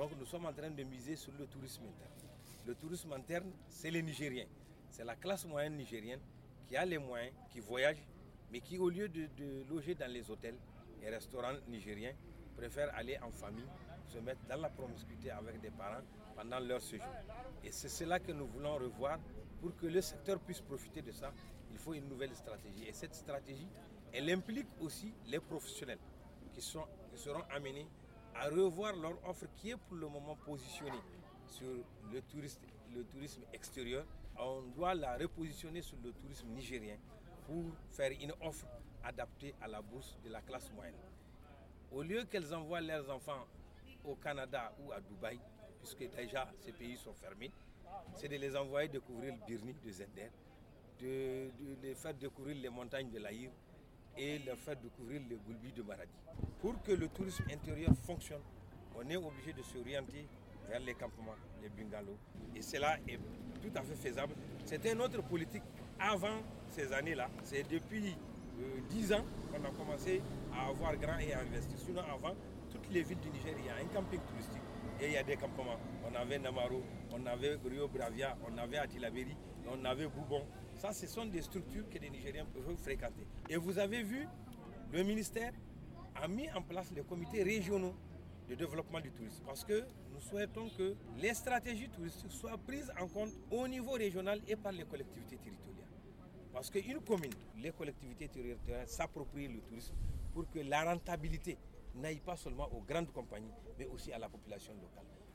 Donc nous sommes en train de miser sur le tourisme interne. Le tourisme interne, c'est les Nigériens. C'est la classe moyenne nigérienne qui a les moyens, qui voyage, mais qui, au lieu de, loger dans les hôtels et restaurants nigériens, préfère aller en famille, se mettre dans la promiscuité avec des parents pendant leur séjour. Et c'est cela que nous voulons revoir pour que le secteur puisse profiter de ça. Il faut une nouvelle stratégie. Et cette stratégie, elle implique aussi les professionnels qui, sont, qui seront amenés à revoir leur offre qui est pour le moment positionnée sur le tourisme, le tourisme extérieur. On doit la repositionner sur le tourisme nigérien pour faire une offre adaptée à la bourse de la classe moyenne. Au lieu qu'elles envoient leurs enfants au Canada ou à Dubaï, puisque déjà ces pays sont fermés, c'est de les envoyer découvrir le Birni de Zender, de, les faire découvrir les montagnes de l'Aïr et les faire découvrir le Goulbi de Maradi. Pour que le tourisme intérieur fonctionne, on est obligé de s'orienter vers les campements, les bungalows. Et cela est tout à fait faisable. C'était notre politique avant ces années-là. C'est depuis euh, dix 10 ans qu'on a commencé à avoir grand et à investir. Sinon, avant, toutes les villes du Niger, il y a un camping touristique et il y a des campements. On avait Namaro, on avait Rio Bravia, on avait Atilaberi, on avait Boubon. Ça, ce sont des structures que les Nigériens peuvent fréquenter. Et vous avez vu, le ministère a mis en place les comités régionaux de développement du tourisme parce que nous souhaitons que les stratégies touristiques soient prises en compte au niveau régional et par les collectivités territoriales. Parce qu'une commune, les collectivités territoriales s'approprient le tourisme pour que la rentabilité n'aille pas seulement aux grandes compagnies, mais aussi à la population locale.